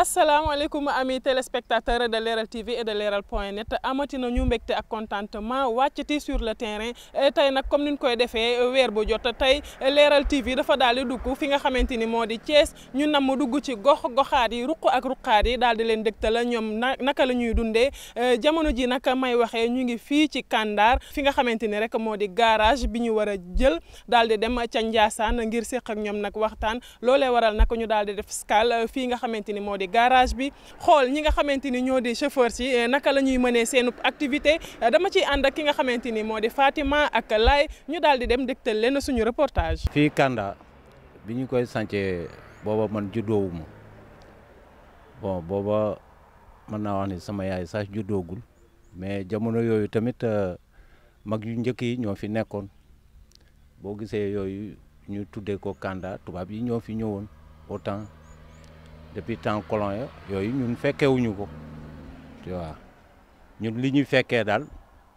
asalaamaaleykum ami téléspectateur de Leral TV et de Leral point net amati na ñu mbégte ak contentement wàccati sur le terrain eh, tey nag comme ni ñu koy defee weer bu jot tey Leral TV dafa daal di dugg fi nga xamante ni moo di Thiès ñu namm dugg ci gox goxaat yi ruq ak ruqaat yi di leen dëgtal ñoom na naka la ñuy dundee eh, jamono ji nag may waxee ñu ngi fii ci kandaar fi nga xamante ni rek moo di garage bi ñu war a jël daal di dem ca Ndiassane ngir séq ak ñoom nag waxtaan loolee waral nag ñu daal di def escale fii nga xamante ni moo di garage bi xool ñi nga xamante ni ñoo di chauffeurs yi eh, naka la ñuy mënee seen activité dama ciy ànd ak ki nga xamante ni moo di Fatima ak Laay ñu daal di dem dégtal leen suñu reportage. fii Kanda bi ñu koy sancee booba man juddoowuma bon booba mën na wax ni sama yaay sax juddoogul mais jamono yooyu tamit euh, mag yu njëkk yi ñoo fi nekkoon boo gisee yooyu ñu tuddee ko Kanda tubaab yi ñoo fi ñëwoon autant depuis temps colon yooyu ñun fekkewuñu ko tu vois ñun li ñuy fekkee daal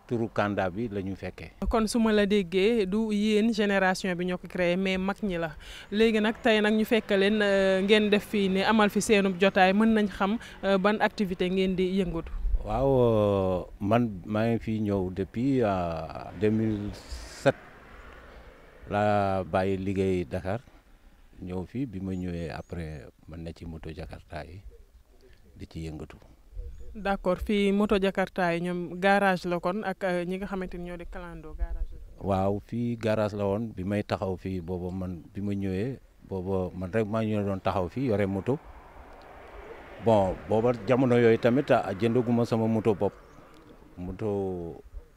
turu Kanda bi lañuy fekkee. kon su ma la déggee du yéen génération bi ñoo ko créer mais mag ñi la léegi nag tey nag ñu fekk leen euh, ngeen def fii ne amal fi seenu jotaay mën nañ xam euh, ban activité ngeen di yëngatu. waaw euh, man maa ngi fi ñëw depuis 2007 laa bàyyi liggéey dakaar ñëw fii bi ma ñëwee après man na ci moto jakarta yi di ci yëngatu. d' accord fii moto jakarta yi ñoom garage la kon ak euh, ñi nga xamante ni ñoo de clando garage waaw fii garage la woon bi may taxaw fii booba man bi ma ñëwee booba man rek maa ñu doon taxaw fii yore moto bon booba jamono yooyu tamit ah, jëndaguma sama moto bopp moto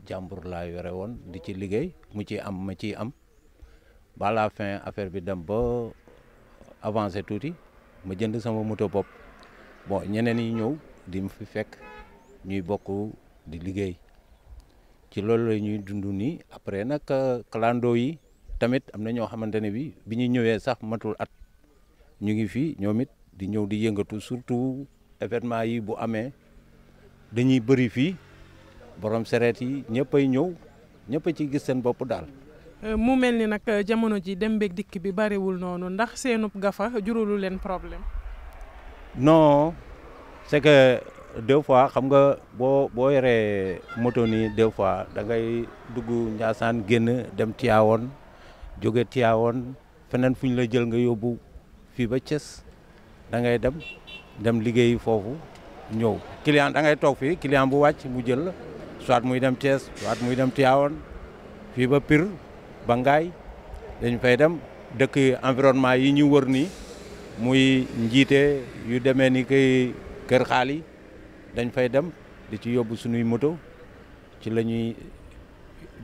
jàmbur yore woon di ci liggéey mu ci am ma ci am. ba la affaire bi dem ba avancé tuuti ma jënd sama moto bopp bon ñeneen yi ñëw di mu fi fekk ñuy bokk di liggéey ci loolu la ñuy dund nii après nag euh, clando yi tamit am na ñoo xamante ne bi bi ñu ñëwee sax matul at ñu ngi fii ñoom it di ñëw di yëngatu surtout événement yi bu amee dañuy bëri fii borom sereet yi ñëpp ay ñëw ñëpp a ci gis seen bopp daal Euh, mu mel ni nag euh, jamono ji dem beeg dikk bi bariwul noonu ndax seenub gafa jurulu leen problème. no c'est que fois xam nga boo boo yoree moto ni deux fois da ngay dugg Ndiassane génn dem Thiawane jóge Thiawane feneen fu ñu la jël nga yóbbu fii ba Thiès da ngay dem dem liggéey foofu ñëw client da ngay toog fii client bu wàcc mu jël soit muy dem Thiès soit muy dem Thiawane fii ba Pire. ba Ngaay dañ fay dem dëkk environnement yi ñuy wër nii muy njiite yu demee ni kay kër xaali dañ fay dem di ci yóbbu sunuy moto ci la ñuy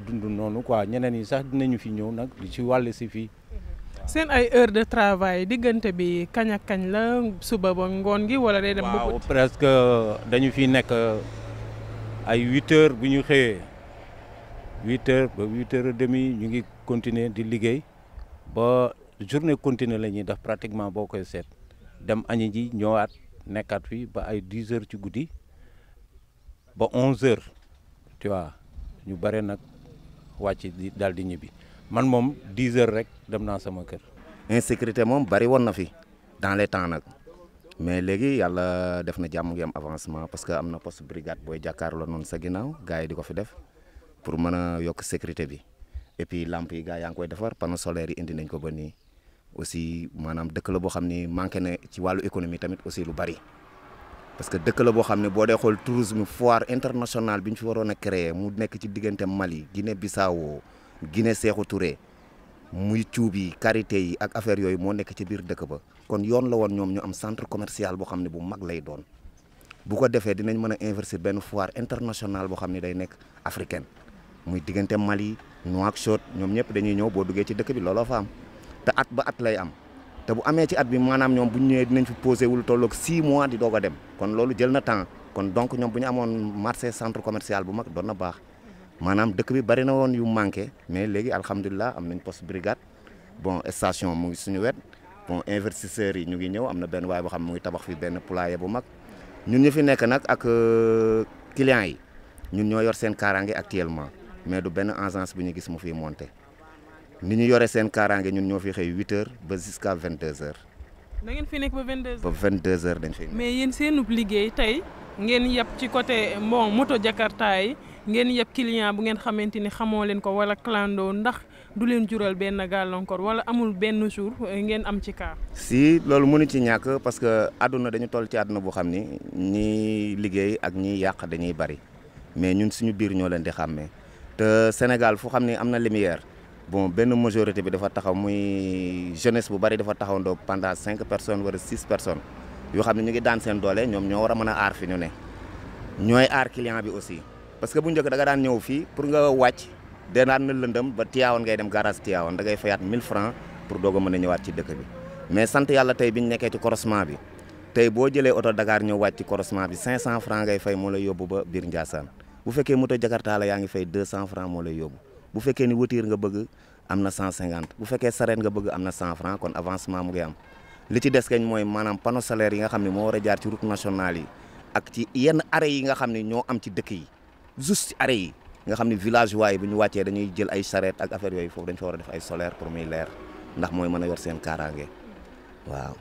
dund noonu quoi ñeneen yi sax dinañu fi ñëw nag di ci wàll si fii. seen ay heure de travail diggante bi kañ kañ la suba ba ngoon gi wala day dem. waaw presque dañu fi nekk ay huit bu ñu xëyee. huit heures ba huit heures et demie ñu ngi continue di liggéey ba journée continue la ñuy def pratiquement boo koy seet dem añi ji ñoowaat nekkaat fi ba ay dix heures ci guddi ba onze heures tu ñu bare nag wàcc di daal di ñibbi man moom dix heures rek dem naa sama kër. sécurité moom bari woon na fi dans les temps nag. mais léegi yàlla def na jàmm ngi am avancement parce que am na poste brigade booy jàkkaarloo noonu sa ginnaaw gars yi di ko fi def pour mën a yokk sécurité bi et lamp yi gars yaa ngi koy defar panneau solaire yi indi nañ ko ba nii aussi maanaam dëkk la boo xam ni manqué na ci wàllu économie tamit aussi lu bari. parce que dëkk la boo xam ne boo dee xool tourisme foire internationale bi ñu fi waroon a créer mu nekk ci diggante Mali Guinée Bissau Guinée Sékou Touré muy cuub yi karité yi ak affaire yooyu moo nekk ci biir dëkk ba kon yoon la woon ñoom ñu am centre commercial boo xam ne bu mag lay doon bu ko defee dinañ mën a investir benn foire internationale boo xam ne day nekk africaine muy diggante Mali Nouakchott ñoom ñëpp dañuy ñëw boo duggee ci dëkk bi looloo fa am te at ba at lay am te bu amee ci at bi maanaam ñoom bu ñu ñëwee dinañ fi posé wul tolloog 6 mois di doog a dem kon loolu jël na temps kon donc ñoom bu ñu amoon marché centre commercial bu mag doon na baax maanaam dëkk bi bari na woon yu manqué mais léegi alhamdulilah am nañ poste brigade bon station mu ngi suñu wet bon investisseurs yi ñu ngi ñëw am na benn waay boo xam mu ngi tabax fi benn poulailler bu mag ñun ñu fi nekk nag ak euh, clients yi ñun ñoo yor seen kaaraange actuellement. mais du benn agence bu ñu gis mu fiy monté ni ñu yore seen kaaraange ñun ñoo fi xëy 8 heures ba jusqu'à 22 heures. da ngeen fi nekk ba 22 heures ba 22 heures dañ fi. mais yéen seenub liggéey tey ngeen yab ci côté moo moto Jakarta yi ngeen yab client bu ngeen xamante ni xamoo leen ko wala clando ndax du leen jural benn gàllankoor wala amul benn jour euh, ngeen am ci cas. si loolu mënu ci ñàkk parce que àdduna dañu toll ci àdduna bu xam ni ñiy liggéey ak ñiy yàq dañuy bari mais ñun suñu biir ñoo leen di xàmmee. te Sénégal fu xam ne am na lumière bon benn majorité bi dafa taxaw muy jeunesse bu bari dafa taxaw ndoo pendant cinq personnes wala six personnes yoo xam ne ñu ngi daan seen doole ñoom ñoo war a mën a aar fi ñu ne ñooy aar client bi aussi parce que bu njëkk da nga daan ñëw fii pour nga wàcc danaan na lëndëm ba Tivaouane ngay dem garage Tivaouane da ngay fayaat 1000 francs pour doog a mën a ñëwaat ci dëkk bi mais sant yàlla tey biñ nekkee ci croisement bi boo jëlee oto Dakar ñëw wàcc bi 500 francs ngay fay ba biir Ndiassane bu fekkee moto jakarta la yaa ngi fay 200 francs moo lay yóbbu bu fekkee ni voiture nga bëgg am na 150 bu fekkee sareet nga bëgg am na 100 francs kon avancement mu ngi am li ci des kañ mooy maanaam panneau solaire yi nga xam ne moo war a jaar ci route nationale yi ak ci yenn arrêt yi nga xam ni ñoo am ci dëkk yi juste arrêt yi nga xam ne villageois yi bu ñu wàccee dañuy jël ay sareet ak affaire yooyu foofu dañ fa war a def ay solaire pour muy leer ndax a yor seen kaaraange waaw.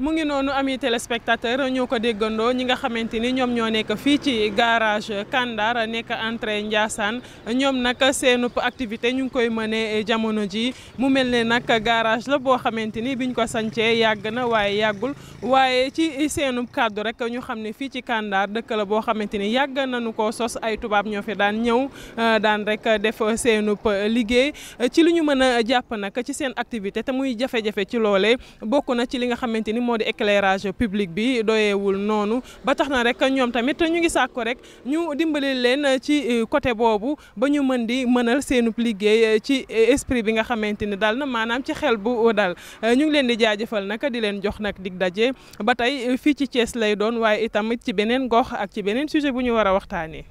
mu ngi noonu ami téléspectateur ñoo ko déggandoo ñi nga xamante ni ñoom ñoo nekk fii ci garage Kandar nekk entrée Ndiassane ñoom nag seenub activité ñu ngi koy mëne jamono ji mu mel ne nag garage la boo xamante ni biñ ko sancee yàgg na waaye yàggul waaye ci seenub kàddu rek ñu xam ne fii ci kandaar dëkk la boo xamante ni yàgg nañu ko sos ay tubaab ñoo fi daan ñëw eh, daan rek def seenub liggéey ci lu ñu mën a jàpp nag ci seen activité te muy jafe ci loole na ci li nga xamante ni moo di éclairage public bi doyeewul noonu ba tax na rek ñoom tamit ñu ngi sàkku rek ñu dimbali leen ci euh, côté boobu ba ñu mën di mënal seenub liggéey euh, ci euh, esprit bi nga xamante ni daal na maanaam ci xel bu dal ñu ngi leen di jaajëfal nag di leen jox nag dig daje ba tey fii ci cees lay doon waaye itamit ci beneen gox ak ci beneen sujet bu ñu war a waxtaanee.